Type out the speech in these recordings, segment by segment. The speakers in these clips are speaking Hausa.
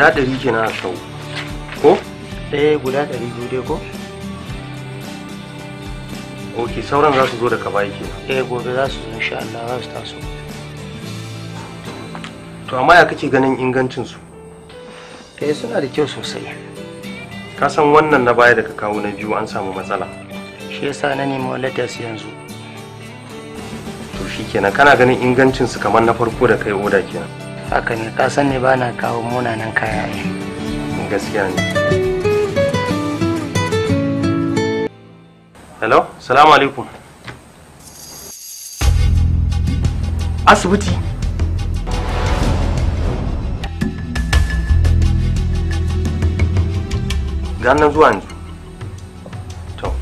guda ɗari kenan a sau ko? ɗaya eh, guda ɗari biyu dai ko? ok sauran za su zo daga baya kenan eh gobe za su zo insha Allah za su taso to amma ya kake ganin ingancin su eh suna da kyau sosai ka san wannan na baya daga kawo na biyu an samu matsala shi yasa na nemo latas yanzu to shikenan kana ganin ingancin su kamar na farko da kai oda kenan haka ne kasan ne ba na kawo munanan kaya ne gaskiya ne hello salamu alaikum asibiti ga zuwa yanzu to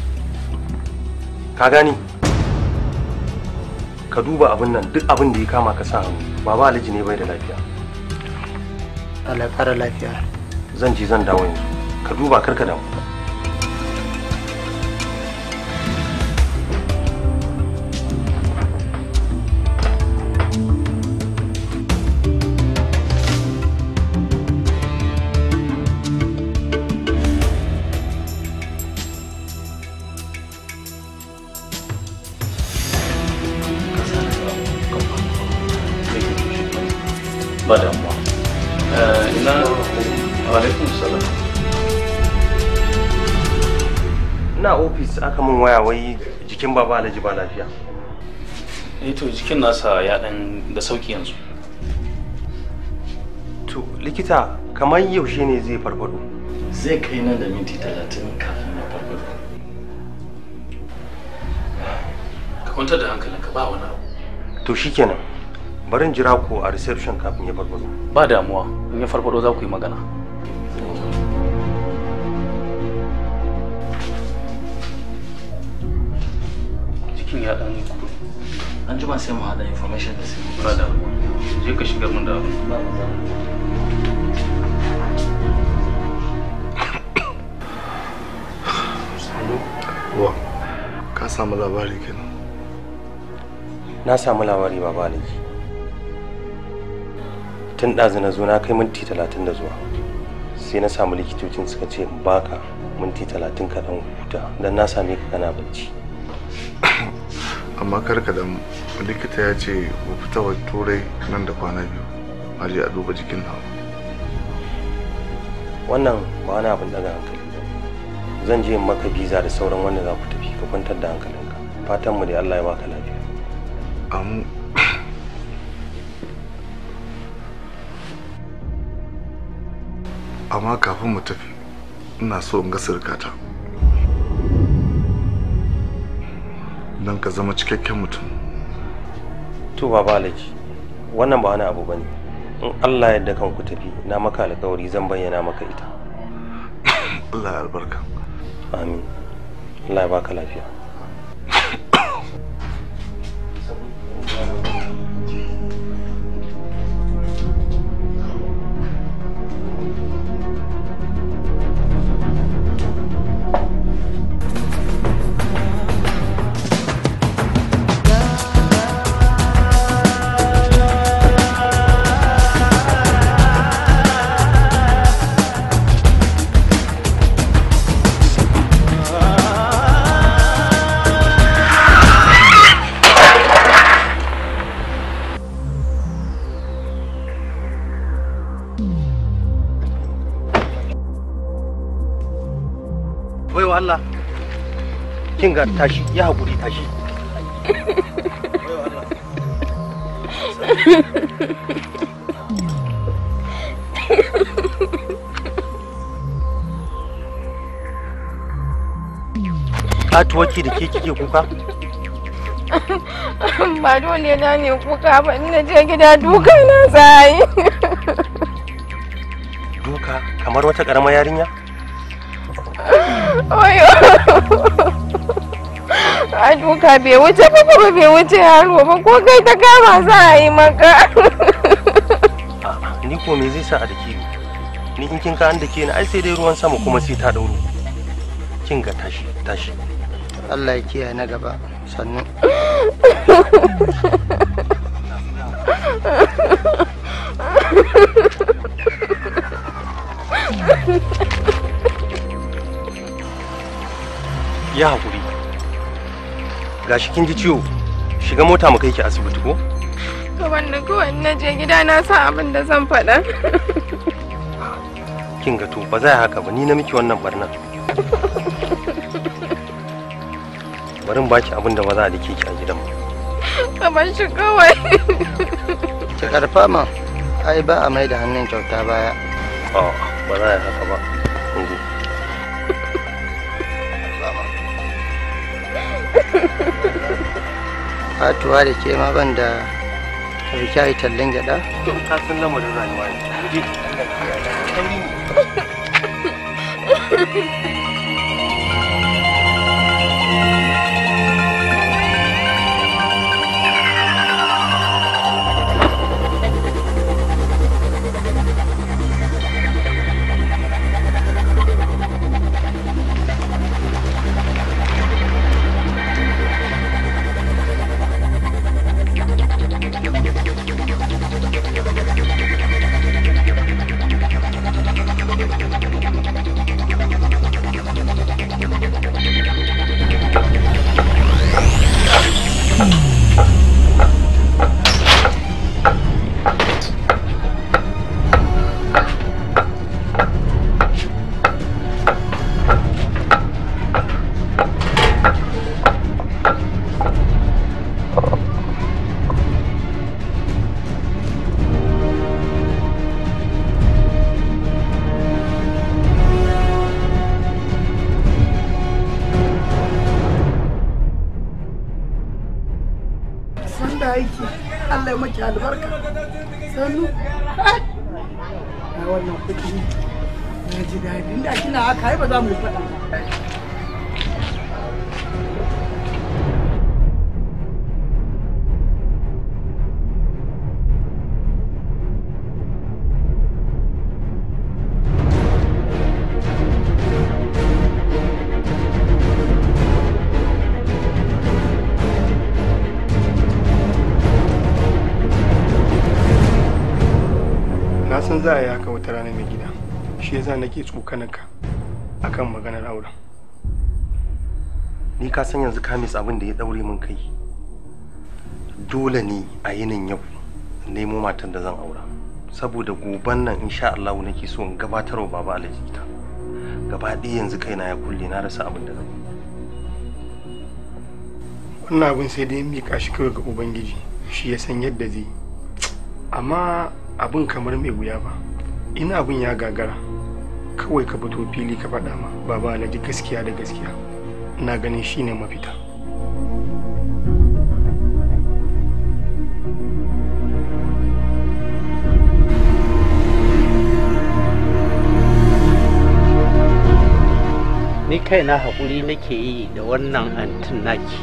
ka gani ka duba abin nan duk abin da ya kama ka sa hannu baba alhaji ne bai da lafiya Allah ya lafiya zan ji zan dawo yanzu ka duba karka damu waya wai jikin baba alhaji ba lafiya eh to jikin nasa ya dan da sauki yanzu to likita kamar yaushe ne zai farfado zai kai nan da minti talatin kafin ya farfado ka kwanta da hankalinka ba wani abu to shikenan barin jira ko a reception kafin ya farfado ba damuwa in ya farfado za ku yi magana aikin ya dan kudu an ji ba sai mu hada information da sai mu da ruwa. je ka shiga mun da abu ba Wa, ka samu labari kenan. Na samu labari baba Aliki. Tun ɗazu na zo na kai minti talatin da zuwa. Sai na samu likitocin suka ce baka minti talatin ka dan huta don na same ka kana bacci. amma kar ka damu likita ya ce mu fita wa turai nan da kwana biyu a je a duba jikin nawa wannan ba wani abin daga hankali ba zan je maka biza da sauran wanda za ku tafi ka kwantar da hankalinka fatan mu da Allah ya baka lafiya amu amma kafin mu tafi ina so in ga surkata don ka zama cikakken mutum to baba alaji wannan ba wani abu bane in allah yadda kan ku tafi na maka alƙawari zan bayyana maka ita allah ya albarka amin allah ya baka lafiya Allah kin ga tashi ya hakuri tashi katuwarki da ke kike kuka ba dole na ne kuka ba ina je gida duka na tsaye duka kamar wata ƙaramar yarinya a duka bai wuce ba kuma bai wuce haro ba ko kai ta kama za a yi maka ni ko me zai sa a dake ni ni in ka an dake ni ai sai dai ruwan sama kuma sai ta dauro kin tashi tashi Allah e ya kiyaye na gaba sannu Ha ha ha ha! ya hakuri gashi kin ji ciwo shiga mota mu kai ki asibiti ko to wanda ko na je gida na sa abin da zan faɗa kin ga to ba za haka ba ni na miki wannan barna bari in baki abin da ba za a dake ki a gidan mu kamar shi kawai ki karfa ma ai ba a mai da hannun kyauta baya a ba za a haka ba fatuwa da ke ma ban da rike yi tallan gyaɗa. ka lamarin rayuwa ne za a yi haka wata rana mai gida shi na nake tsokanaka kan maganar auren ni ka san yanzu kamis abin da ya daure min kai dole ne a yinin yau nemo matan da zan aura saboda goban nan insha Allah nake so in gabatarwa baba alaji ta gaba ɗaya yanzu kaina ya kulle na rasa abin da zan wannan abin sai dai mika shi kawai ga ubangiji shi ya san yadda zai amma abun kamar mai wuya ba ina abun ya gagara kawai ka fito fili ka faɗa ma baba alhaji gaskiya da gaskiya na ganin shine mafita ni kaina haƙuri nake yi da wannan antin naki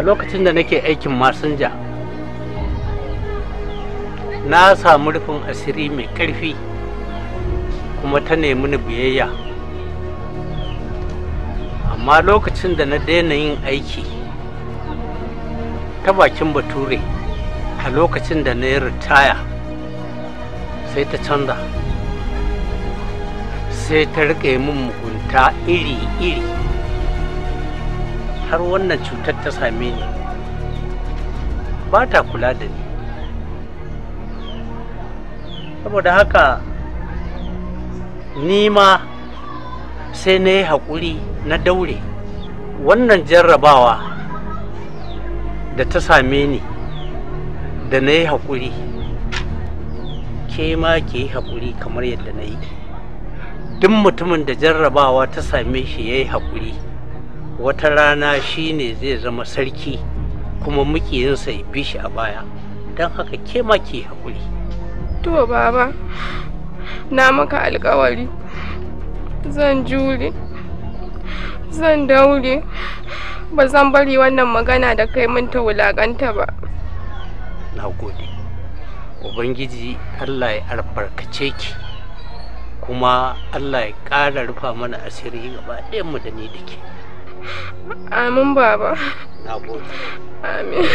a lokacin da nake aikin masinja na samu rufin asiri mai ƙarfi kuma ta nemi ni biyayya amma lokacin da na daina yin aiki ta bakin bature a lokacin da na yi ritaya sai ta canza sai ta riƙe min mugunta iri-iri har wannan cutar ta same ni ba ta kula da ni saboda haka nima sai na yi haƙuri na daure wannan jarrabawa da ta same ni da na yi haƙuri ke ma ke yi haƙuri kamar yadda na yi duk mutumin da jarrabawa ta same shi ya yi haƙuri wata rana shi ne zai zama sarki kuma mukiyinsa ya bi shi a baya don haka ke ma ke yi haƙuri To baba, na maka alkawari zan jure, zan daure, ba zan bari wannan magana da kai ta wulakanta ba. Na gode, Ubangiji Allah ya albarkace ki, kuma Allah ya ƙara rufa mana asiri gaba mu da ni da ke. Amin baba. Na gode. Amin.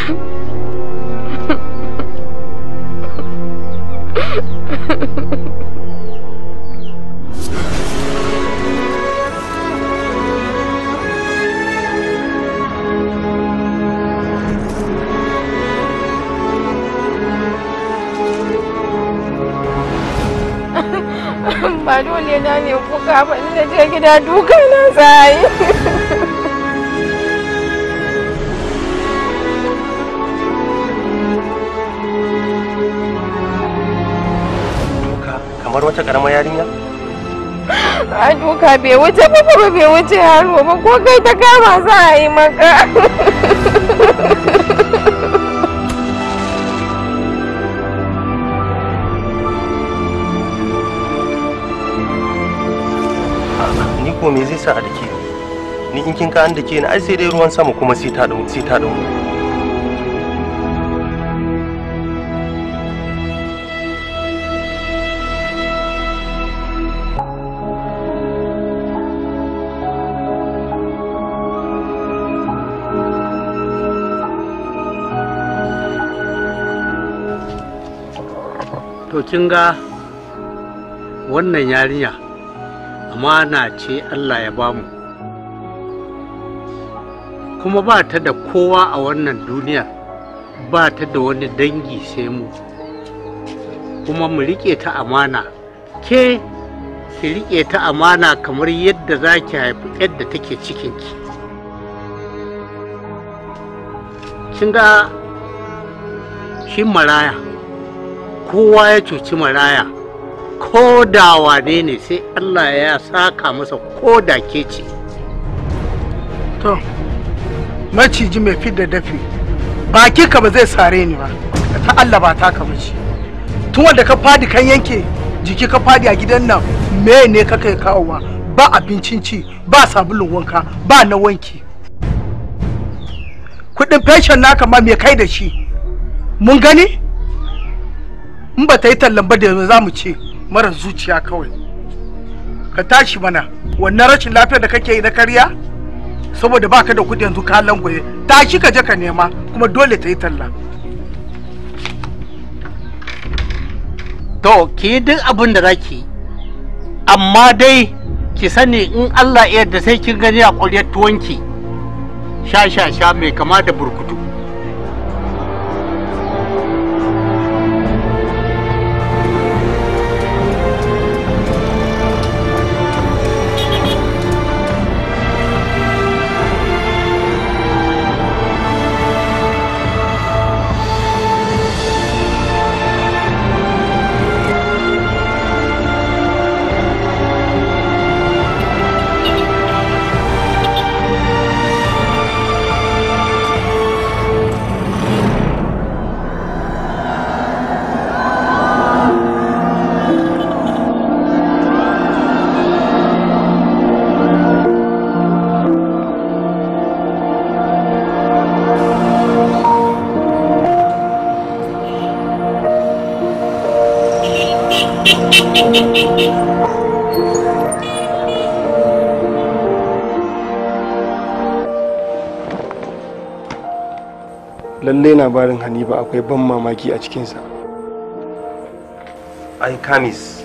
ba dole na ne kuka ba na je gida duka na tsaye kamar wata karamar yarinya aduka duka bai wuce ba kuma bai wuce haro ba ko kai ta kama za a yi maka ni ko me zai sa a dake ni in kin ka an dake ni ai sai dai ruwan sama kuma sai ta dawo sai ta dawo kin ga wannan yarinya amana ce Allah ya bamu kuma ba ta da kowa a wannan duniya ba ta da wani dangi sai mu kuma mu riƙe ta amana ke ki riƙe ta amana kamar yadda za ki haifi yadda take cikinki kin ga shi maraya kowa ya cuci maraya ko da wane ne sai allah ya saka masa ko da ke ce to maciji mai fidda dafi baki ka ba zai sare ni ba ta allah ba ta ka mace tun wanda ka fadi kan yanke jiki ka fadi a gidan nan me ne ka kai kawowa ba abincin ci ba sabulun wanka ba na wanki kudin fashion naka ma me kai da shi mun gani in ba ta yi tallan ba da za mu ce mara zuciya kawai ka tashi mana wannan rashin lafiyar da kake yi na karya saboda ba ka da kudi yanzu ka ta tashi ka je ka nema kuma dole ta yi talla to ki duk abin da zaki amma dai ki sani in Allah ya yarda sai kin gani a ƙuryar tuwonki sha sha sha mai kama da burkutu labarin hanifa akwai ban mamaki a cikinsa ai kamis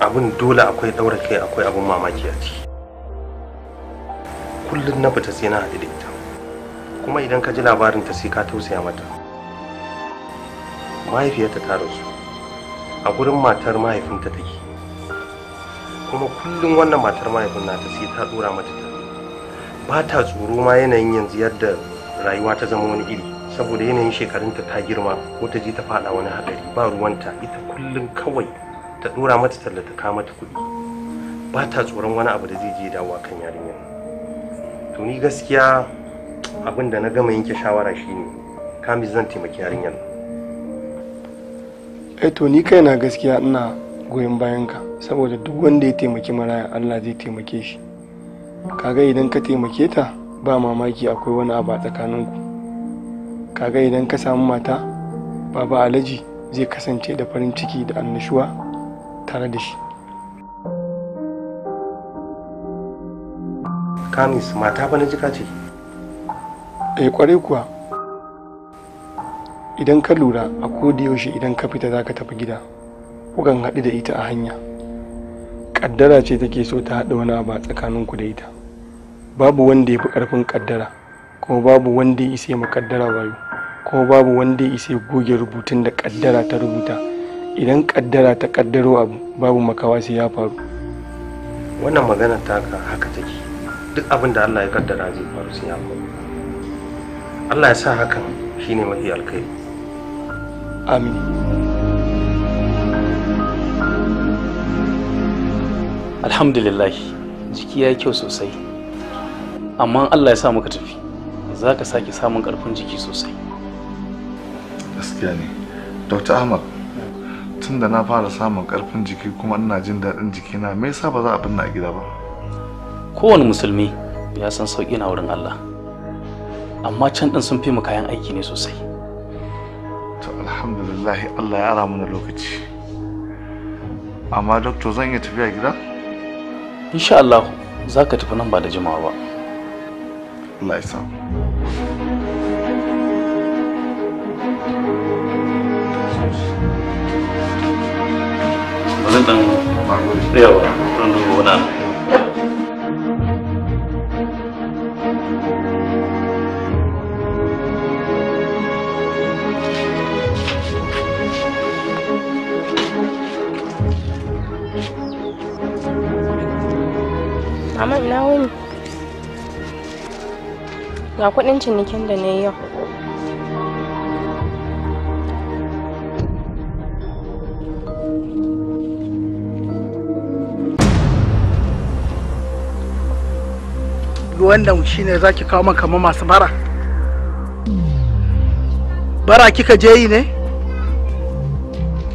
abin dole akwai daura kai akwai abin mamaki a ciki kullum na fita sai na haɗu da ita kuma idan ka ji labarin ta sai ka tausaya mata mahaifiyarta ta rasu a gurin matar mahaifinta take kuma kullum wannan matar mahaifin nata sai ta dora mata ta ba ta tsoro ma yanayin yanzu yadda rayuwa ta zama wani iri saboda yanayin shekarunta ta girma ko ta je ta fada wani hadari ba ruwanta ita kullum kawai ta dora mata tallata ka mata kuɗi ba ta tsoron wani abu da zai je dawo kan yarinyar to ni gaskiya abin da na gama yanke shawara shine kami zan taimaki yarinyar eh to ni kaina gaskiya ina goyon bayanka saboda duk wanda ya taimaki maraya Allah zai taimake shi kaga idan ka taimake ta ba mamaki akwai wani abu a tsakaninku kaga idan ka samu mata baba alhaji zai kasance da farin ciki da annashuwa tare da shi kamis mata ba na jika ce yi eh, kwarai kuwa idan ka lura a yaushe idan ka fita za ka tafi gida kukan haɗu da ita a hanya ƙaddara ce take so ta haɗa wani abu a ku da ita babu wanda ya fi ƙarfin ƙaddara kuma babu wanda ya isa ma ƙaddara wayo kuma babu wanda ya isa goge rubutun da kaddara ta rubuta idan kaddara ta kaddaro abu babu makawa sai ya faru wannan magana taka haka take duk abin da Allah ya kaddara zai faru sai ya faru Allah ya sa hakan shine mafi alkhairi amin alhamdulillah jiki ya yi kyau sosai amma Allah ya sa muka tafi za ka sake samun karfin jiki sosai gaskiya ne dr ahmad tun da na fara samun karfin jiki kuma ina jin daɗin jikina me yasa ba za a binna a gida ba kowane musulmi ya san sauƙi na wurin allah amma can ɗin sun fi mu kayan aiki ne sosai to alhamdulillah allah ya ramu mana lokaci amma doctor zan iya tafiya gida insha allah za ka tafi nan ba da jimawa ba allah ya samu tentang bagus dia rendu benar Aman na wuni. Ga kuɗin cinikin da na yi yau. wannan za ki kawo man kama masu bara bara kika je yi ne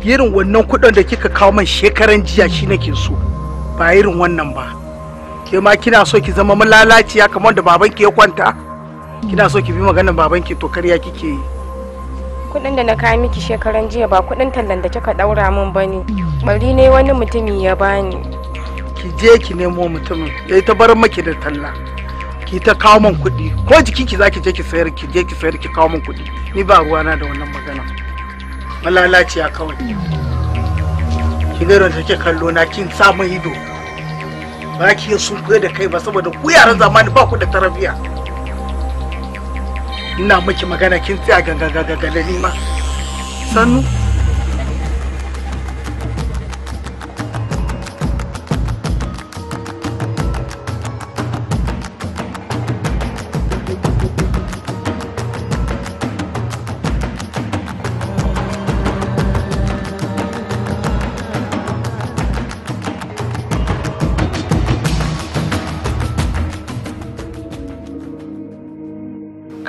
irin wannan kudin da kika kawo man shekaran jiya shi kin so ba irin wannan ba ke ma kina so ki zama malalaciya kamar da babanki ya kwanta kina so ki bi maganar babanki to karya kike yi kudin da na kawo miki shekaran jiya ba kudin tallan da kika daura min bane bari ne wani mutumi ya bani ki je ki nemo mutumin ya ta bar maki da talla ki ta kawo man kuɗi ko jikinki zaki je ki sayar ki je ki sayar ki kawo man kuɗi ni ba ruwa na da wannan magana malalaciya kawai ki ga da ke kallo na kin sa mai ido ba ki yi sun da kai ba saboda ku yaran zamani ba ku da tarbiyya ina miki magana kin tsaya ganga gangan ni ma sannu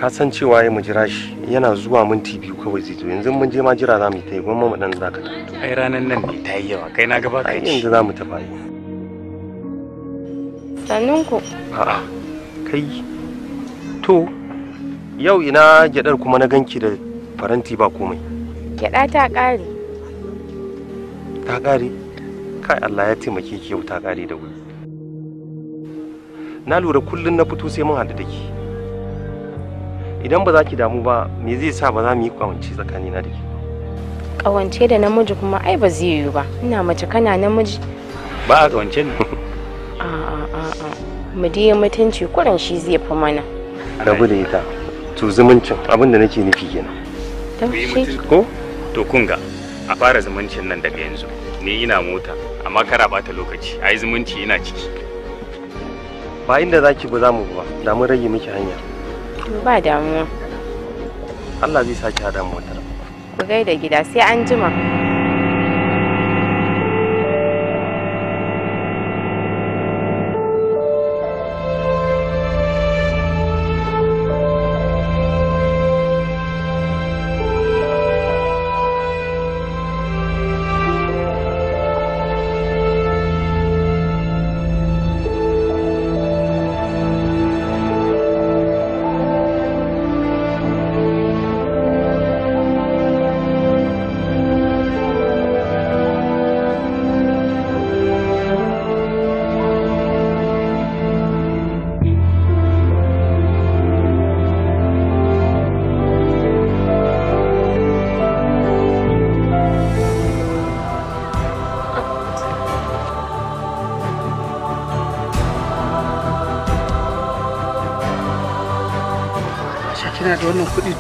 ka san cewa ya mu jira shi yana zuwa minti biyu kawai zai zo yanzu mun je ma jira za mu yi ta yi gwamma mu dan za ka tafi ai ranan nan ne ta yi yawa kai na gaba kai yanzu za mu tafi ai sanin ku a'a kai to yau ina gyadar kuma na ganki da faranti ba komai gyada ta kare ta kare kai Allah ya taimake ki yau ta kare da wuri na lura kullun na fito sai mun haɗu da ki idan ba za ki damu ba me zai sa ba za mu yi kawance tsakanina da ke kawance da namiji kuma ai ba zai yiwu ba ina mace kana namiji ba a kawance ne a a a mu dai mutunci kuran shi zai fi mana rabu da ita to zumuncin abin da nake nufi kenan ko to ga a fara zumuncin nan daga yanzu ni ina mota amma kara bata lokaci ai zumunci ina ciki ba inda zaki ba za mu ba da mun rage miki hanya ba damuwa Allah zai sake hada motar. ku gaida gida sai an jima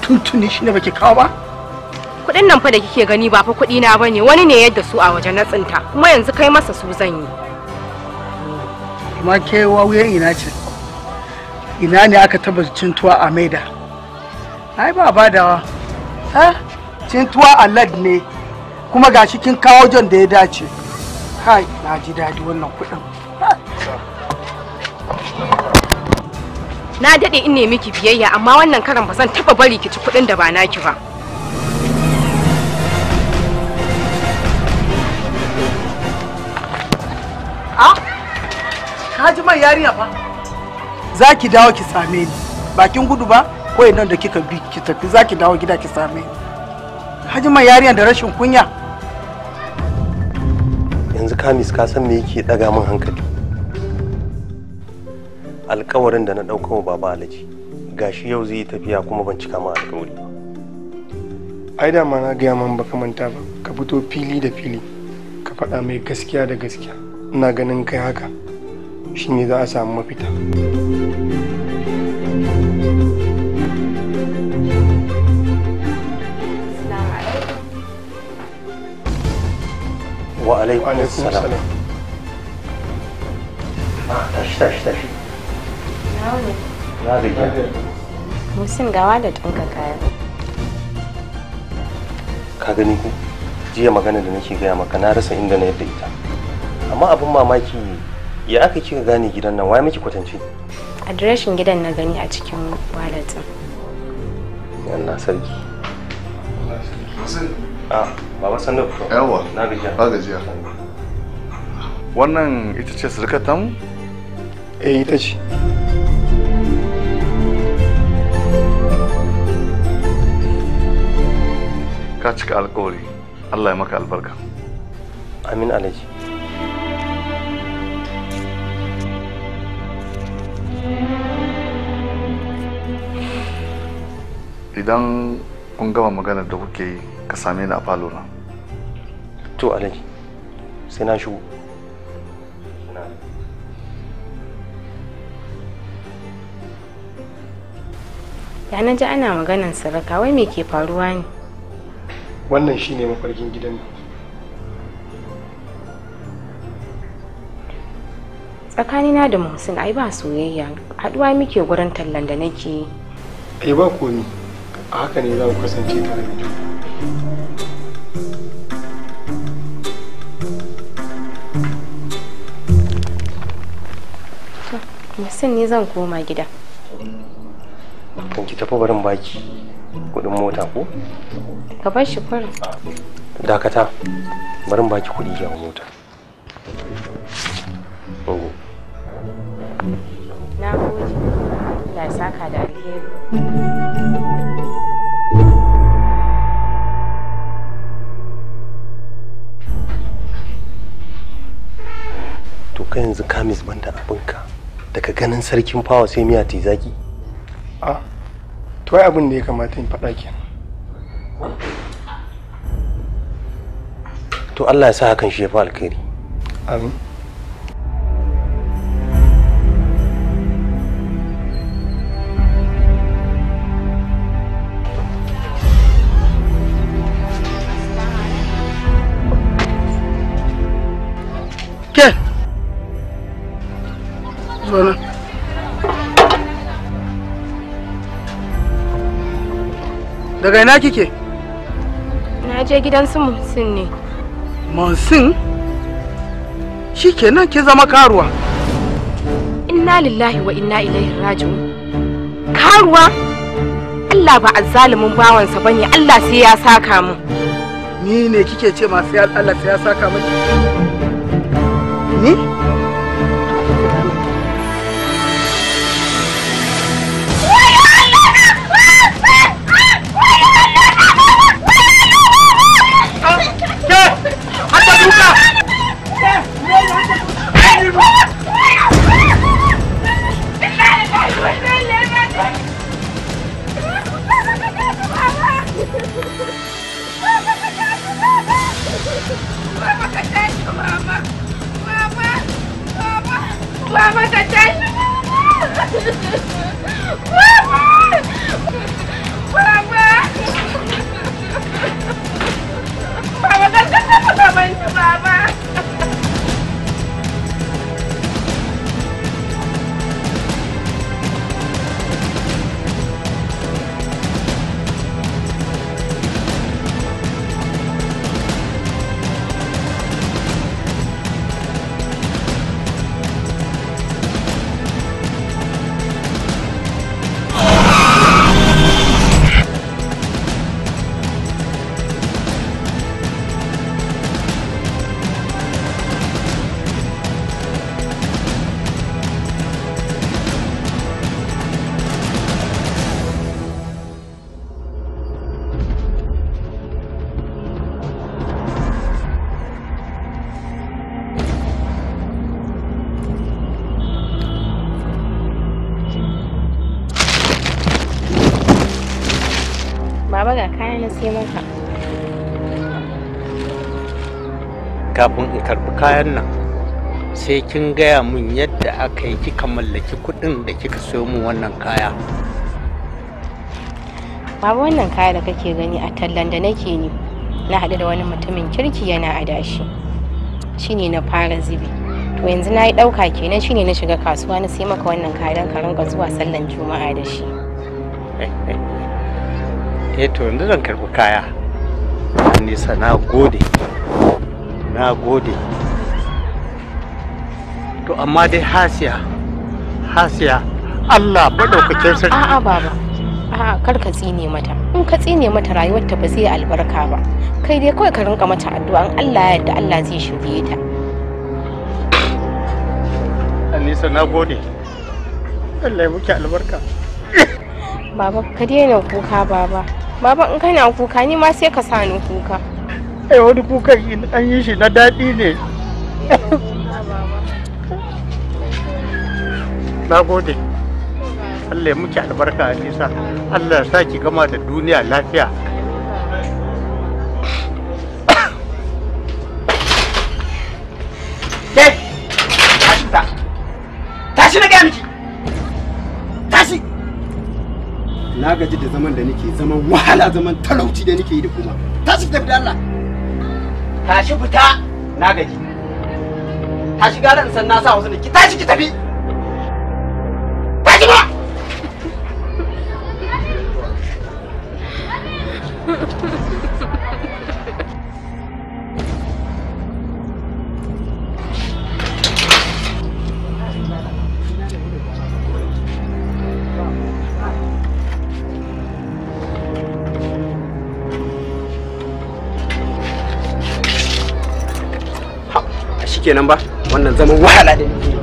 tuntuni shi ne baki kawo ba kuɗin nan fa da kike gani ba fa kuɗi na bane wani ne yadda su a waje na tsinta kuma yanzu kai masa su zan yi kuma ke wawuyan ina ce ina ne aka taba cintuwa a maida ai ba badawa ha cintuwa a lad ne kuma gashi kin kawo jon da ya dace kai na ji daɗi wannan kuɗin na dade in nemi ki biyayya amma wannan karan ba zan taba bari ki ci kuɗin da ba naki ba a ah, kaji mai yariya fa za ki dawo ki same ni bakin gudu ba ko nan da kika bi ki tafi za ki dawo gida ki same ni haji mai yariya da rashin kunya yanzu kamis ka san me yake daga min hankali alkawarin da na ɗauka wa baba alaji gashi yau zai yi tafiya kuma ban cika ma alkawari ba ai da ma na gaya man ka manta ba ka fito fili da fili ka faɗa mai gaskiya da gaskiya ina ganin kai haka shine za a samu mafita wa alaikum ah tashi tashi tashi Musin gawa da Ka gani ku Jiya magana da nake gaya maka na rasa inda na yadda ita. Amma abin mamaki ya aka kika gane gidan nan wai miki kwatance? Adireshin gidan na gani a cikin walatin. Allah sarki. baba ah, Yawa. Na gajiya. Ba gajiya. Wannan ita ce surkar tamu? Eh ita ce. ka cika alkawari Allah ya maka albarka amin alaji idan kun gama maganar da kuke yi ka same ni a falo na to alaji sai na shigo ya na ji ana maganar saraka wai me ke faruwa ne wannan shi ne mafarkin gidan nan tsakanina da muhsin ai ba soyayya haduwa muke gurin tallan da nake ai eh, ba komi a haka ne za mu kasance tare da juna muhsin ne zan koma gida kan ki tafi barin baki kudin mota ko ka bar shi dakata bari in baki kudi ya mota ogo na goji Allah saka da alheri to ka yanzu kamis banda abinka daga ganin sarkin fawa sai miya ta zaki a ah, to ai abin da ya kamata in faɗa kenan to Allah ya sa hakan shi ya alkhairi amin Daga ina kike? Na je gidan su Monsin ne. Monsin? Shi kenan ki zama karuwa. Inna lillahi wa inna ilaihi raji'un. Karuwa? Allah ba azzalumin bawansa bane Allah sai ya saka mu. Ni ne kike ce masu Allah sai ya saka mu? Ni? kafin in karbi kayan nan sai kin gaya min yadda aka yi kika mallaki kuɗin da kika sayo min wannan kaya babu wannan kaya da kake gani a tallan da nake ne na haɗu da wani mutumin kirki yana adashi shine na fara zibi to yanzu na yi ɗauka kenan shine na shiga kasuwa na sai maka wannan kaya don ka rinka zuwa sallan juma'a da shi eto eh, to yanzu zan karɓi kaya nisa na gode na gode to amma dai hasiya hasiya allah maɗaukakin sarki a'a baba a'a kar ka tsine mata in ka tsine mata rayuwar ta ba zai albarka ba kai dai kawai ka rinka mata addu'a allah ya yarda allah zai shirye ta Anisa na gode Allah ya muke albarka baba ka daina kuka baba Baba in kana kuka ni ma sai ka sa ni kuka. Eh wani kukan an yi shi na daɗi ne. Na gode. Allah ya muke albarka a nisa. Allah ya sa ki gama da duniya lafiya. gaji da zaman da nake zaman wahala zaman talauci da nake yi da kuma tashi tafi da Allah tashi fita na gaji tashi gara in san na sa wasu ne ki tashi ki tafi kenan ba wannan zaman wahala da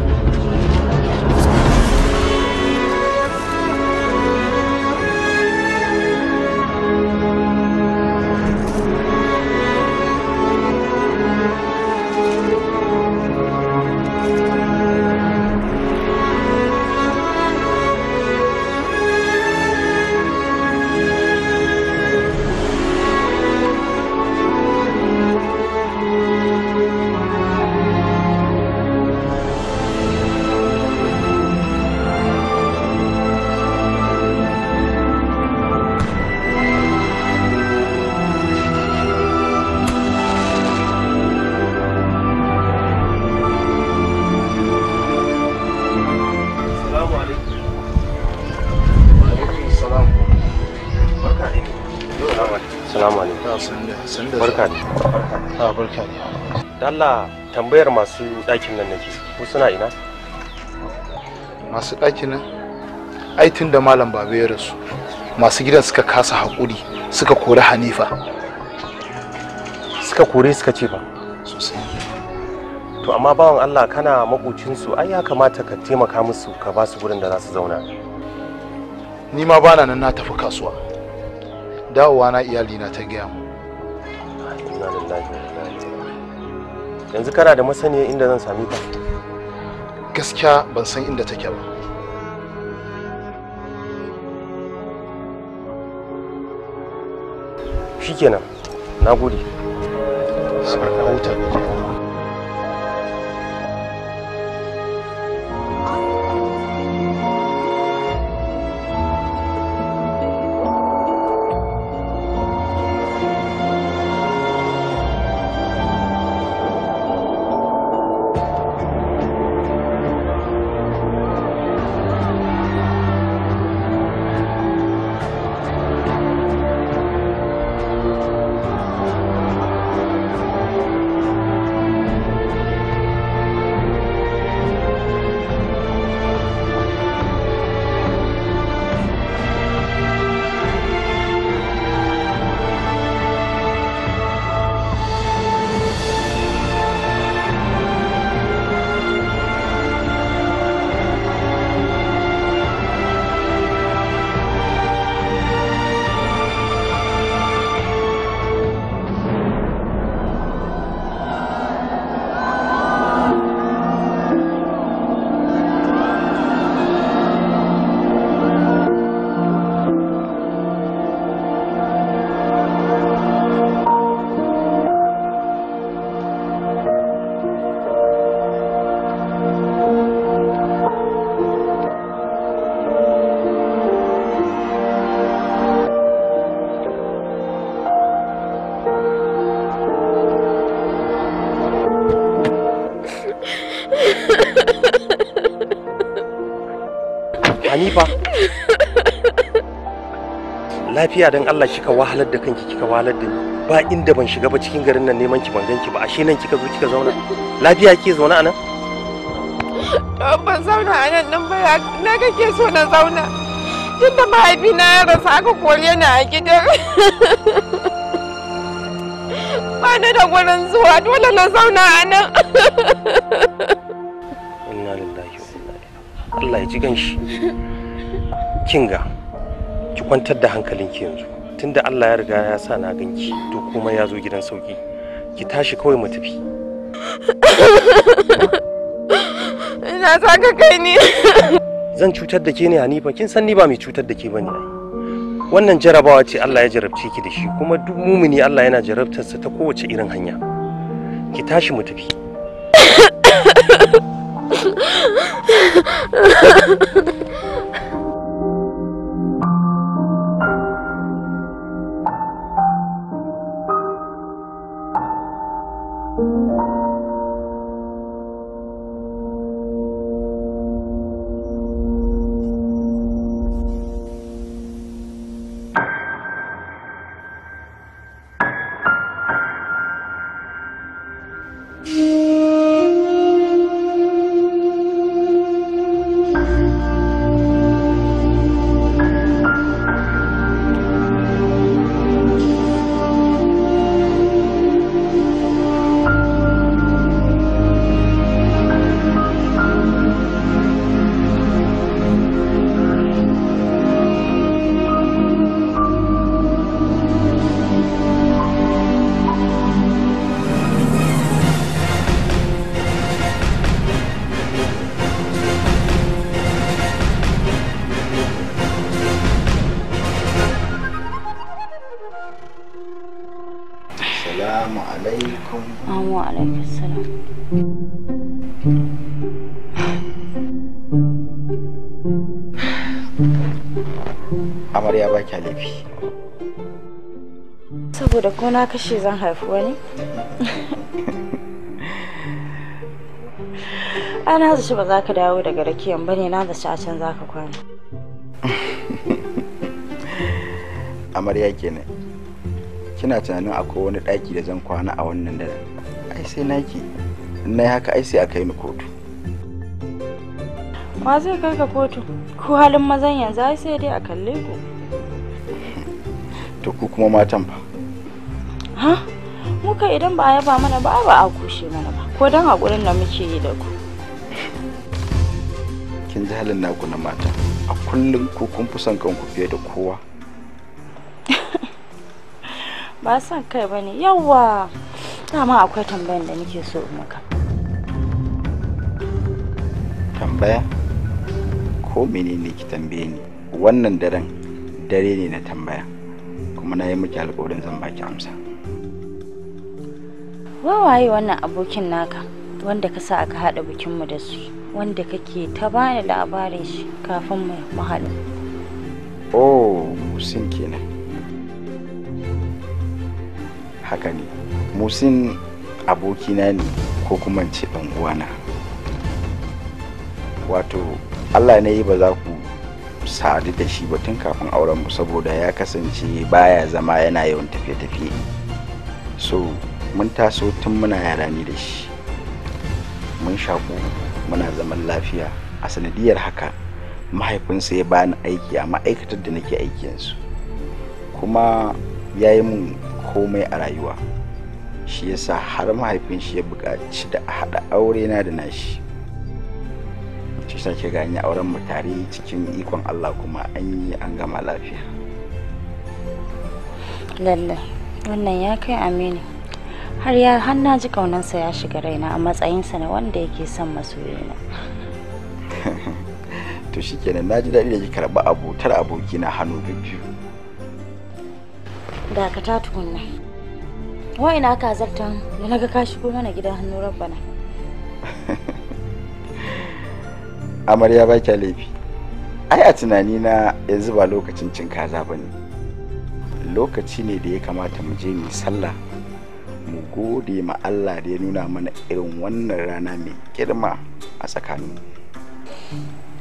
Allah tambayar masu ɗakin nan nake ko suna ina masu ɗakin nan ai tun da malam babu ya rasu masu gidan suka kasa haƙuri suka kori hanifa suka kore suka ce ba to amma bawan Allah kana makocinsu ai ya kamata ka taimaka musu ka ba su gurin da za su zauna ni ma bana nan na tafi kasuwa dawowa na iyali na ta gaya mu yanzu kana da masaniya inda zan sami ka. gaskiya ban san inda take ba shikenan na gode sabar ka huta lafiya dan Allah kika wahalar da kanki kika wahalar da ni ba inda ban shiga ba cikin garin nan neman ki ban ganki ba ashe nan kika zo kika zauna lafiya kike zauna anan to ah, ban zauna anan nan ba na kake so na zauna tun da mahaifina ya rasa aka kore ni a gidan ba na da gurin zuwa dole na zauna anan inna lillahi wa inna ilaihi Allah ya ji ganshi kinga ki kwantar da hankalinki yanzu tunda Allah ya riga ya sa na ganki to kuma ya zo gidan sauki ki tashi kawai mu tafi ina sa ka kai ni zan cutar da ke ne Hanifa kin san ni ba mai cutar da ke bane wannan jarabawa ce Allah ya jarabce ki da shi kuma duk mumini Allah yana jarabtarsa ta kowace irin hanya ki tashi mu tafi baki laifi saboda ko na kashe zan haifi wani ana zaci ba za ka dawo daga rakiyan bane na zaci a can za ka kwana amarya kenan kina tunanin akwai wani ɗaki da zan kwana a wannan dare? ai sai naki na haka ai sai a kai ni kotu ma zai kai ka kotu ko halin mazan yanzu ai sai dai a kalle ku to ku kuma matan fa ha muka idan ba a yaba mana ba ba a kushe mana ba ko dan hakurin da muke yi da ku kin ji halin naku na mata a kullum ku kun fi son kanku fiye da kowa ba san kai ba ne yawa dama akwai tambayan da nake so in maka tambaya ko menene ki tambaye ni wannan daren dare ne na tambaya kuma na yi miki alƙawarin zan baki amsa wawaye wannan abokin naka wanda ka sa aka haɗa bikinmu da su wanda kake ta bani labarin shi kafin mu haɗu oh musin kenan haka ne musin abokina ne ko kuma ce uwana wato allah ne yi ba za ku sadu da shi batun kafin auren mu saboda ya kasance baya zama yana yawan tafiye-tafiye so mun taso tun muna yara ne da shi mun shaku muna zaman lafiya a sanadiyar haka mahaifinsa ya bani aiki a ma'aikatar da nake aiki yanzu kuma ya yi mun komai a rayuwa shi yasa har mahaifin shi ya buƙaci da a haɗa aure na da nashi shi ke ganin auren mu tare cikin ikon Allah kuma an yi an gama lafiya lalle wannan ya kai amini har ya har na ji kaunansa ya shiga raina a matsayinsa na wanda yake son masoyina to shikenan na ji daɗi da ki karɓi abotar abokina hannu biyu dakata tukunna wa'ina ka zartan da na ga ka shigo mana gidan hannu rabbana amarya ba kya laifi ai a tunani na yanzu ba lokacin cin kaza ba ne lokaci ne da ya kamata mu je mu sallah mu gode ma Allah da ya nuna mana irin wannan rana mai girma a tsakanin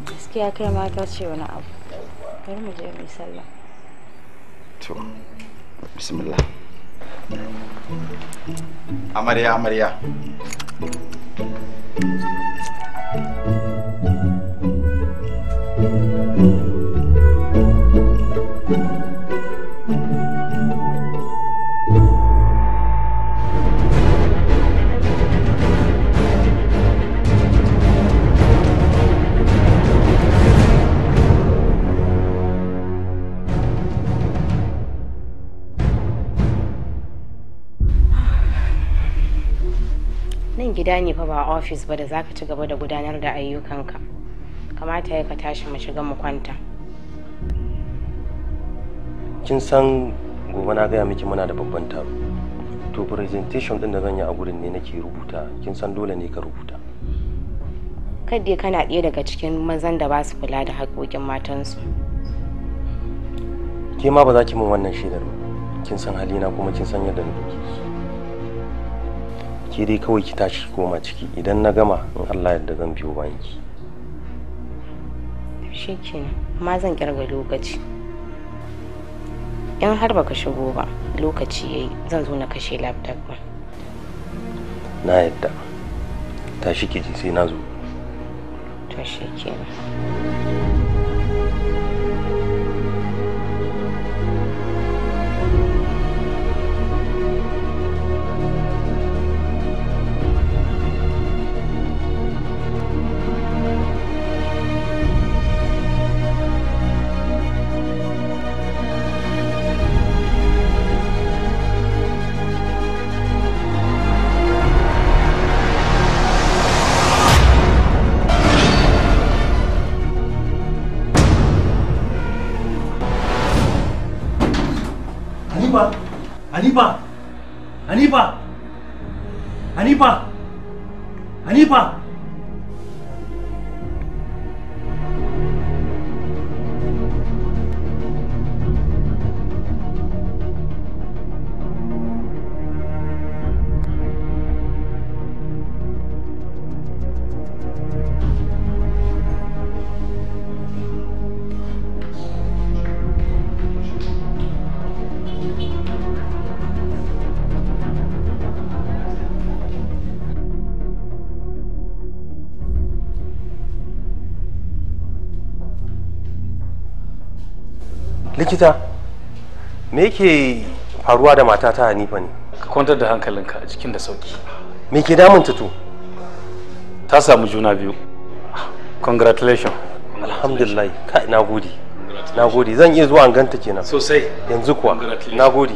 gaskiya kai mata ce wani abu bari mu je mu sallah to bismillah amarya amarya thank you gida ne fa ba ofis ba da za ka ci gaba da gudanar da ayyukanka kamata ya ka tashi mu shiga mu kwanta kin san gobe na gaya miki muna da babban taro to presentation din da zan yi a gurin ne nake rubuta kin san dole ne ka rubuta kadai kana ɗaya daga cikin mazan da ba su kula da haƙoƙin matansu ke ma ba za ki min wannan shaidar ba kin san halina kuma kin san yadda na su. ke dai kawai ki tashi koma ciki idan na gama in Allah yadda zan biyo banki shikenan amma zan kirga lokaci in har baka shigo ba lokaci yayi zan zo na kashe laptop ba na yadda tashi ki ji sai na zo tashi ita me yake faruwa da matata hanifa ne ka kwantar da hankalinka a cikin da sauki me ke damun tutu ta samu juna biyu congratulations alhamdulillah ka na gode na gode zan iya zuwa an ganta kenan sosai yanzu kuwa na gode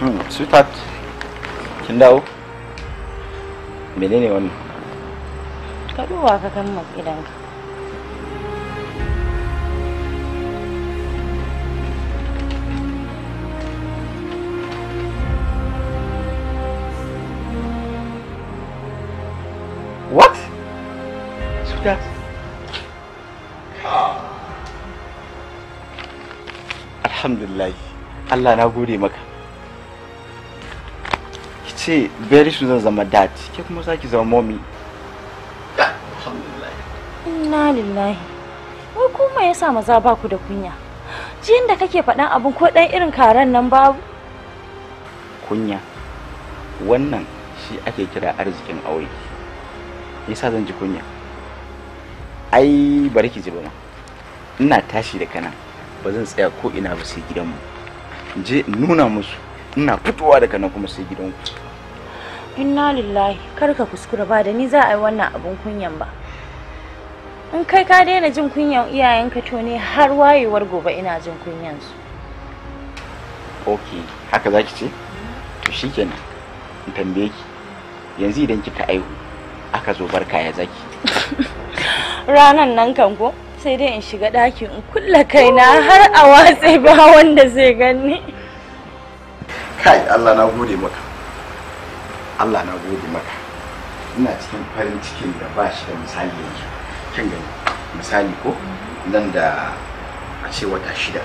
hmm, sweetheart kin dawo menene wannan ka duba ka kan idanka What? Sweetheart. Ah. Alhamdulillah. Allah na gode maka. Ki ce very soon zan zama dad, ke kuma za zama mommy. Inna lillahi. Wai kuma ya sa maza ba ku da kunya. Jiyan da kake faɗan abin ko ɗan irin karen nan babu. Kunya. Wannan shi ake kira arzikin aure. Yasa zan ji kunya. Ai bari ki ji ba ma. Ina tashi da kana. Ba zan tsaya ko ina ba sai gidanmu. Je nuna musu. Ina fitowa da kana kuma sai gidanku. Inna lillahi. Kar ka kuskura ba da ni za a yi wannan abin kunyan ba. in kai ka daina jin kunyan iyayenka to ne har wayewar gobe ina jin kunyan su ok haka zaki ce to shikenan in tambaye ki yanzu idan kika aihu aka zo barka ya zaki ranan nan kan ko sai dai in shiga daki in kulla kaina har a watse ba wanda zai gani kai Allah na gode maka Allah na gode maka ina cikin farin cikin da ba shi da misali yanzu can gani misali ko nan da a ce wata shida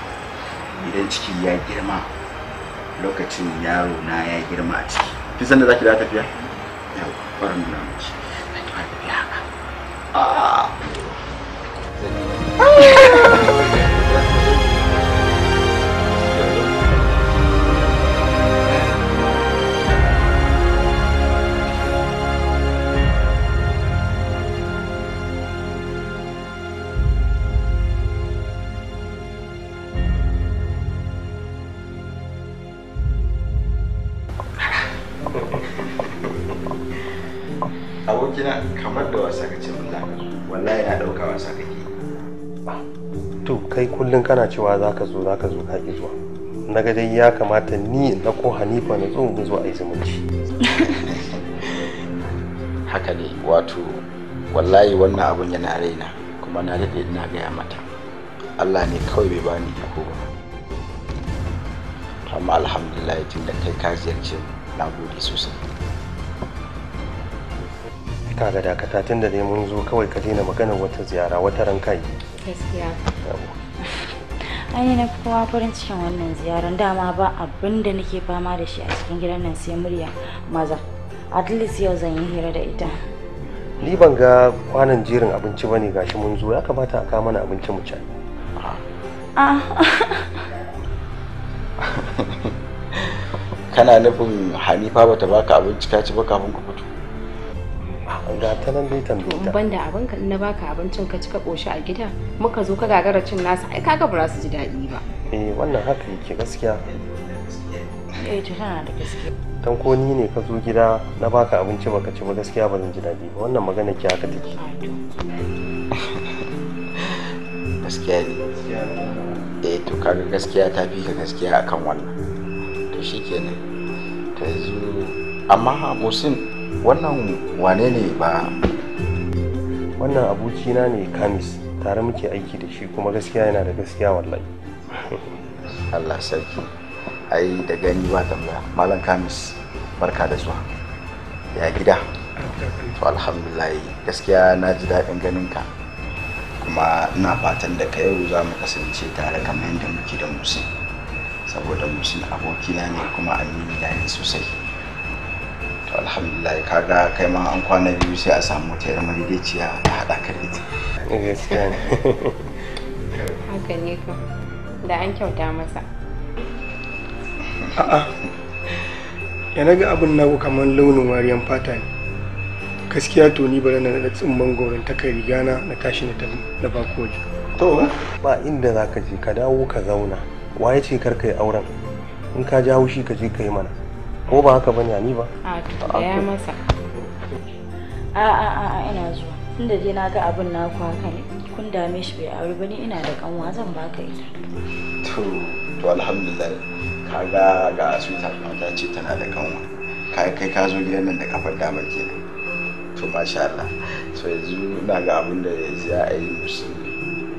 idan ciki ya girma lokacin yaro na ya girma a ciki kin san da zaki da tafiya ya kwarin nuna miki zaki ba tafiya haka ah! kana cewa za ka zo za ka zo ka zuwa na ga dai ya kamata ni na ko hanifa na tsohon mu zo a yi zumunci haka ne wato wallahi wannan abun yana raina kuma na daɗe na gaya mata allah ne kawai bai bani ko ba amma alhamdulillah tun da kai ka ziyarci na gode sosai ka ga dakata tun da dai mun zo kawai ka daina magana wata ziyara wata rankai gaskiya yi na kowa farin cikin wannan ziyarar dama ba abin da nake fama da shi a cikin gidan nan sai murya maza. At least yau zan yi hira da ita. Ni ban ga kwanan jerin abinci ne, gashi mun zo ya kamata a kawo mana abinci mu ci. Ah. Kana nufin Hanifa bata baka abinci ka ci ba kafin ku ga ta nan dai tambaye ban da abin ka na baka abincin ka cika koshi a gida muka zo ka gagara cin nasa ai kaga ba su ji daɗi ba eh wannan haka yake gaskiya eh to tana da gaskiya dan ko ni ne ka zo gida na baka abinci baka ci ba gaskiya ba zan ji daɗi ba wannan magana ki haka take gaskiya ne eh to kaga gaskiya ta fi ka gaskiya akan wannan to shikenan to yanzu amma Musin wannan wane ne ba wannan abokina ne kamis tare muke aiki da shi kuma gaskiya yana da gaskiya wallahi allah sarki ai da gani ba tambaya malam kamis barka da zuwa ya gida to alhamdulillah gaskiya na ji daɗin ganin ka kuma ina fatan da ka yau za mu kasance tare kamar yadda muke da musi saboda musi abokina ne kuma amini ne sosai alhamdulillah kaga kai ma an kwana biyu sai a samu ta yar madaidaiciya ta hada ka da ita gaskiya ne haka ne ka da an kyauta masa a'a ya naga abin naku kaman launin wariyan fata ne gaskiya to ni bari na da tsimman goron ta kai rigana na tashi na tafi na bako waje to ba inda zaka je ka dawo ka zauna waye ce kar yi auren in ka ja haushi ka je ka yi mana ko ba haka bane ni ba a to ya masa a a a ina zuwa tunda je na ga abin naku haka ne kun dame shi bai aure bane ina da kanwa zan baka ita to to alhamdulillah kaga ga sweetheart ta ce tana da kanwa kai kai ka zo gidan nan da kafar dama kenan to masha Allah so yanzu ina ga abin da za a yi musu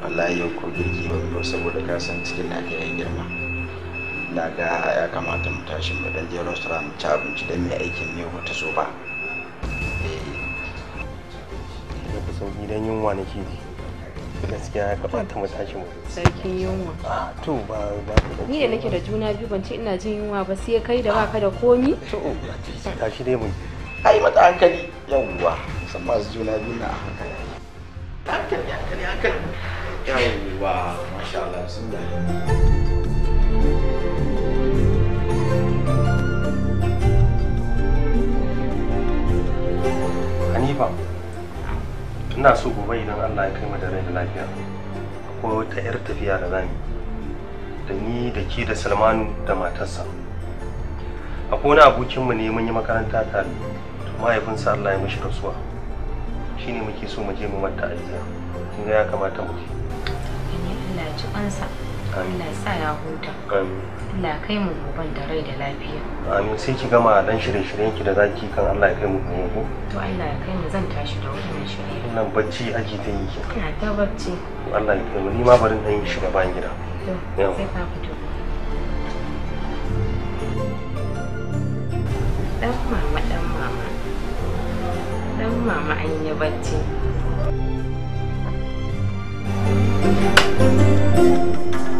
wallahi yau ko girgi ban saboda ka san cikin na kai girma na ga ya kamata mu tashi mu dan je restaurant ci abinci dan mai aikin ne ta so ba eh ku ni dan yunwa nake ji gaskiya ya kamata mu tashi mu sarkin yunwa ah to ba ba ni da nake da juna biyu ban ce ina jin yunwa ba sai kai da baka da komi to tashi dai mu ai mata hankali yawwa musamman su juna biyu na hankali hankali hankali hankali yawwa masha Allah sun bismillah Khalifa ina so gobe idan Allah ya kai mu da rai da lafiya akwai wata 'yar tafiya da zamu da ni da ke da Salmanu da matarsa akwai wani abokinmu ne mun yi makaranta tare to mahaifinsa Allah ya mishi rasuwa shine muke so mu je mu mata ajiya kun ga ya kamata mu je Allah ci kansa Allah sa ya huta amin. Allah kai mu goban da rai da lafiya amin sai ki gama dan shirye-shiryen ki da zaki kan Allah ya kai mu gobe to Allah ya kai mu zan tashi da wannan shirye nan bacci aji ta yi ki ina ta bacci Allah ya kai mu ni ma barin dan shiga bayan gida to sai ka fito dan mama dan mama dan mama an yi bacci Thank you.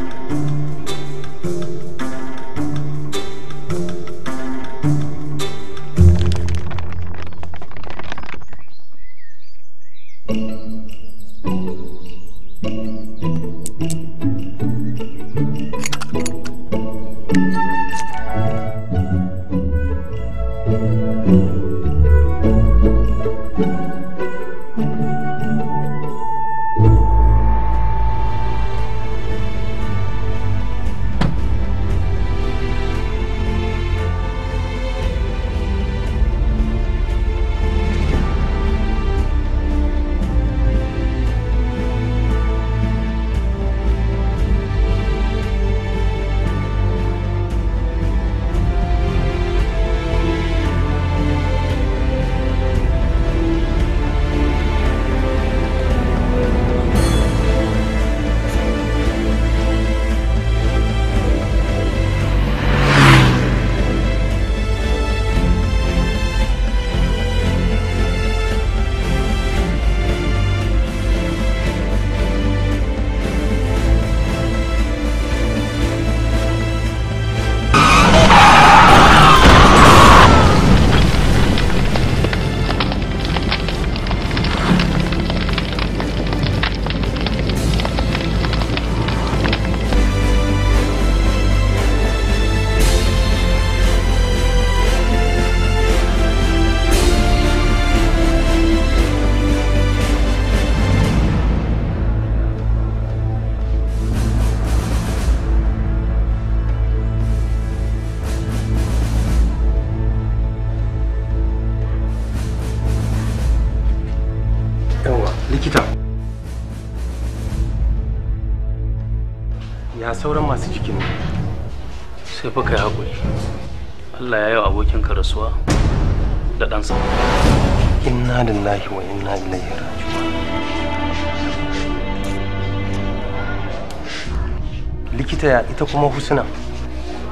ita kuma husna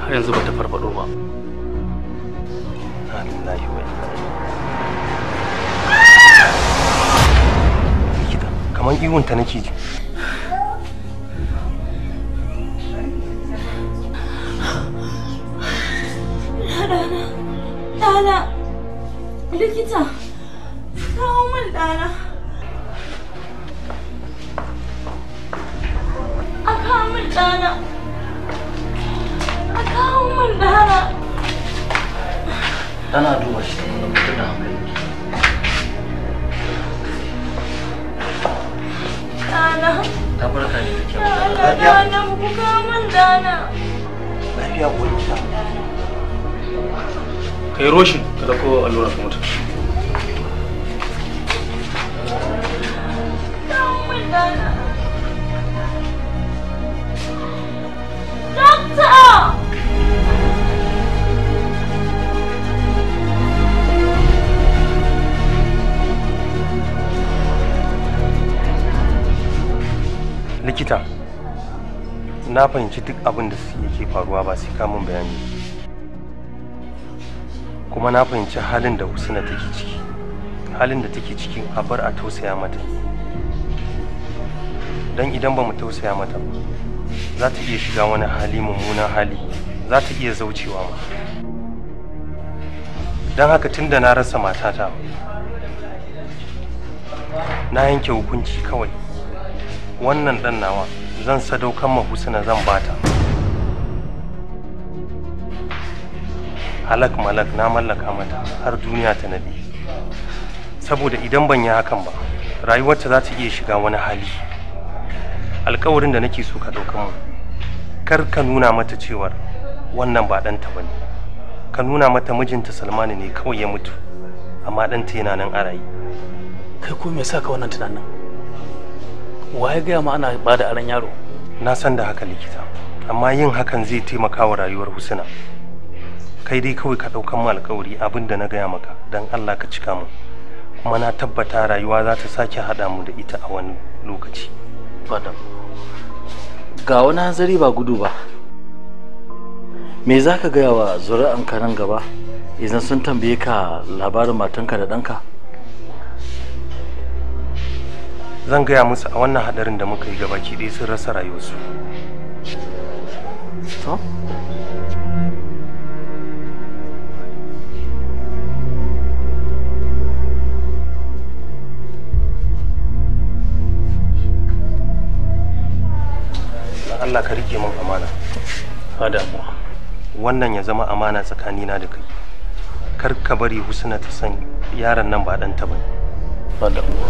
har yanzu bata farfado ba likita kamar iwonta nake ji Dana, Dana, likita. na fahimci duk abin da yake faruwa ba sai kamun bayani kuma na fahimci halin da husna take ciki halin da take cikin a bar a tausaya mata don idan ba mu tausaya mata za ta iya shiga wani hali mummunan hali za ta iya zaucewa ma don haka tun da na rasa matata na yanke hukunci kawai wannan dan nawa zan sadaukar ma husna zan bata halak malak na mallaka mata har duniya ta nabi saboda idan ban yi hakan ba rayuwarta za ta iya shiga wani hali alkawarin da nake so ka ɗauka mu kar ka nuna mata cewar wannan ba ɗanta ba ne ka nuna mata mijinta salmani ne kawai ya mutu amma ɗanta yana nan a rayu kai ko me sa ka wannan tunanin wa ya gaya ma ana ba da aran yaro na san da haka likita amma yin hakan zai taimaka wa rayuwar husna kai dai kawai ka ɗaukan mu alkawari abin da na gaya maka don allah ka cika mu kuma na tabbata rayuwa za ta sake haɗa mu da ita a wani lokaci ga wani hanzari ba gudu ba me za ka gaya wa zuri'an nan gaba idan sun tambaye ka labarin matanka da ɗanka zan gaya musu a wannan hadarin da muka yi gabaki ɗaya sun rasa rayuwarsu to Allah ka rike min amana Adamu wannan ya zama amana tsakanina da kai kar ka bari husna ta san yaron nan ba ɗanta bane Adamu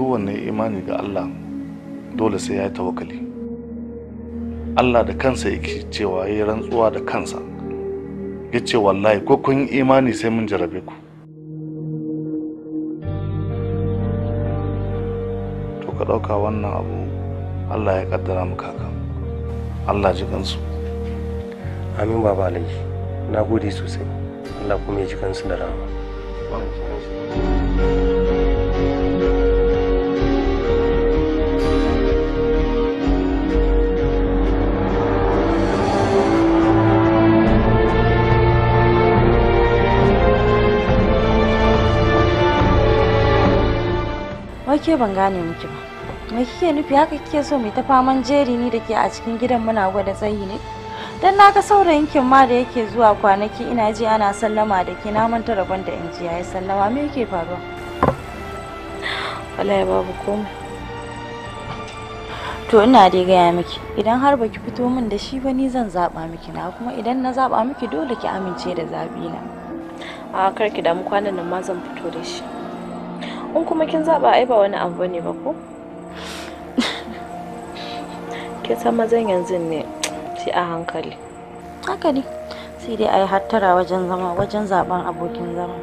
duk imani ga Allah dole sai ya yi tawakali Allah da kansa yake cewa ya yi rantsuwa da kansa ya ce wallahi ko kun imani sai mun jarabe ku to ka ɗauka wannan abu Allah ya kaddara mu kaka Allah ji kansu amin baba alayi na gode sosai Allah kuma ya ji kansu da rama Thank you. ke ban gane miki ba mai kike nufi haka kike so mai ta faman jeri ni da ke a cikin gidan muna gwada tsayi ne dan naga ga saurayin kin ma da yake zuwa kwanaki ina ji ana sallama da ki na manta rabon da inji yayi sallama me yake faruwa wallahi babu komai to ina dai gaya miki idan har baki fito min da shi ba ni zan zaba miki na kuma idan na zaba miki dole ki amince da zabi na a karki damu kwanan nan ma zan fito da shi in kuma kin zaba ai ba wani abu ne ba ko ke san mazan yanzu ne sai a hankali haka ne sai dai ai hattara wajen zama wajen zaben abokin zama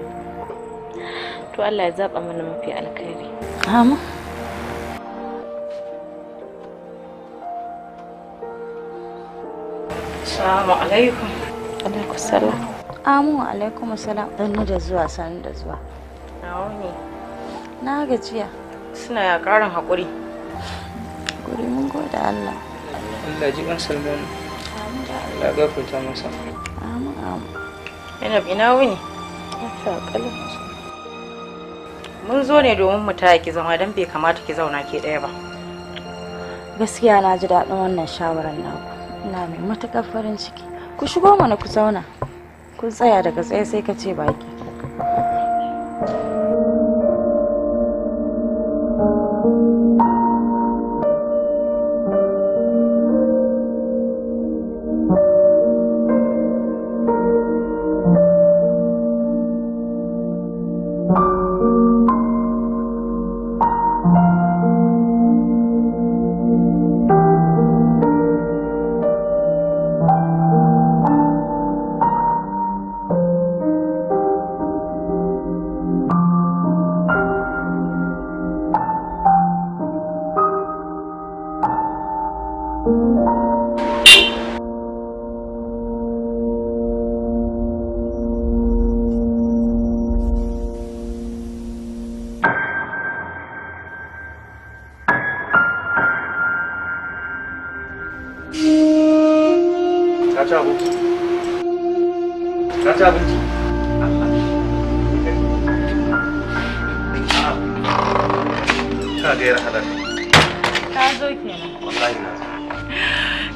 to Allah ya zaba mana mafi alkhairi amin Assalamu alaikum. Alaikum salam. Amu alaikum salam. Sannu da zuwa, sannu da zuwa. Na wani. na gajiya suna ya karin haƙuri Hakuri mun gode Allah Allah ji kan salmon Allah gafarta masa amin amin yana ina wuni lafiya kalau mun zo ne domin mu taya ki zama don bai kamata ki zauna ke ɗaya ba gaskiya na ji daɗin wannan shawarar naku ina mai matuƙar farin ciki ku shigo mana ku zauna kun tsaya daga tsaye sai ka ce baki ci abinci ka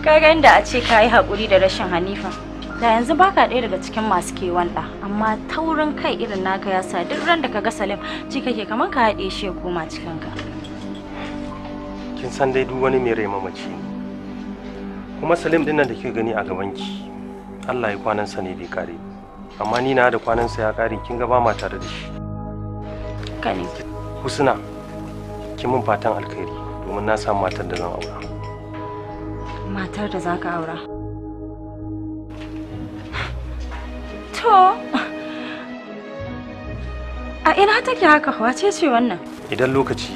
ka ga inda a ce ka yi haƙuri da rashin hanifa da yanzu baka ɗaya daga cikin masu kewan ɗa amma taurin kai irin naka ya sa duk ran da ka ga salim ci kake kamar ka haɗe shi ya koma cikin ka kin san dai duk wani mai rai mamaci ne kuma salim dinnan da kika gani a gabanki allah ya sa ne bai kare amma ni na da kwanan sa ya kare kin ga ba ma tare da shi kani. husna ki mun fatan alkhairi domin na samu matar da zan aura matar da zaka aura to a ina take haka wace ce wannan idan lokaci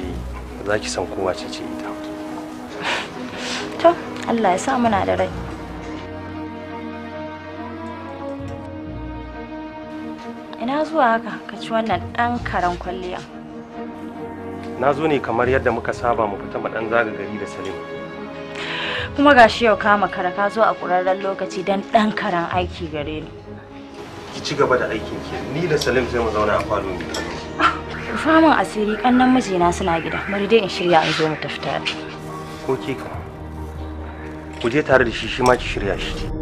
yayi san kowa ce ce ita to Allah ya sa muna da rai ina zuwa haka ka ci wannan ɗan karan kwalliya na zo ne kamar yadda muka saba mu fita mu ɗan zaga gari da salim kuma gashi yau kama kara ka zo a ƙurarren lokaci don ɗan karan aiki gare ni ki ci gaba da aikin ki ni da salim sai mu zauna a falo ne ah, famin asiri kannan mijina suna gida bari dai in shirya in zo mu tafi tare ko ke ka ku je tare da shi shi ma ki shirya shi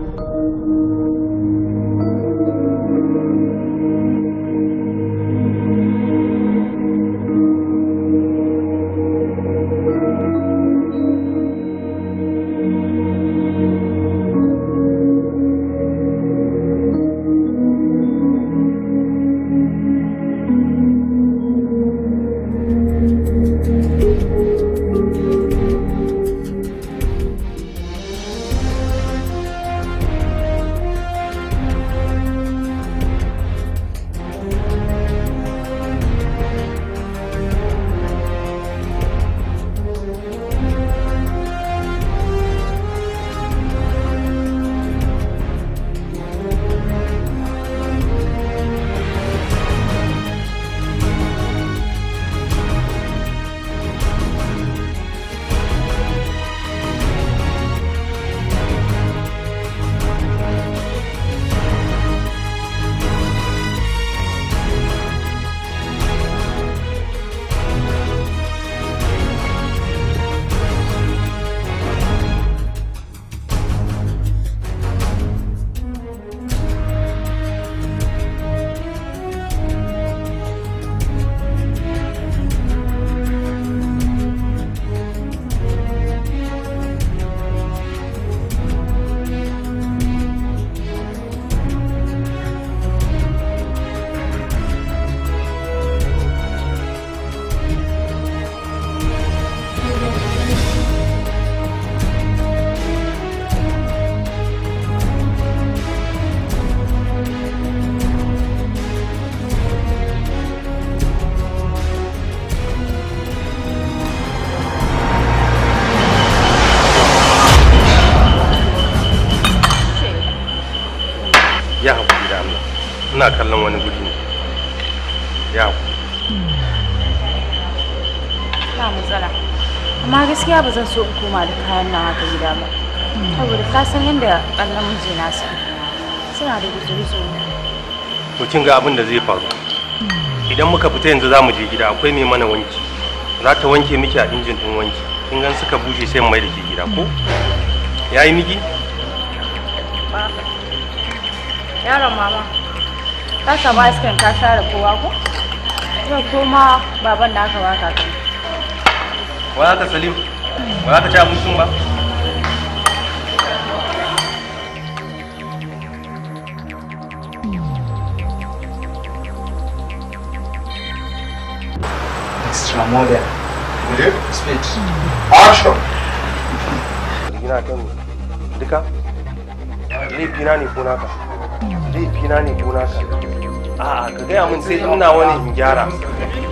gaskiya ba zan so in koma da kayan nawa haka gida ba saboda ka san yadda ƙannan miji na nasa suna da guzuri su to kin ga abin da zai faru idan muka fita yanzu za mu je gida akwai mai mana wanki za ta wanke miki a injin din wanki kin gan suka bushe sai mai da ke gida ko yayi miki yaron mama ka samu ice cream ta share kowa ko yau ko baban da aka ka kan waka salim ba ka extra modern speed action gina kan duka li pina ni naka li pina ni naka a'a ka gaya min sai nawa ni in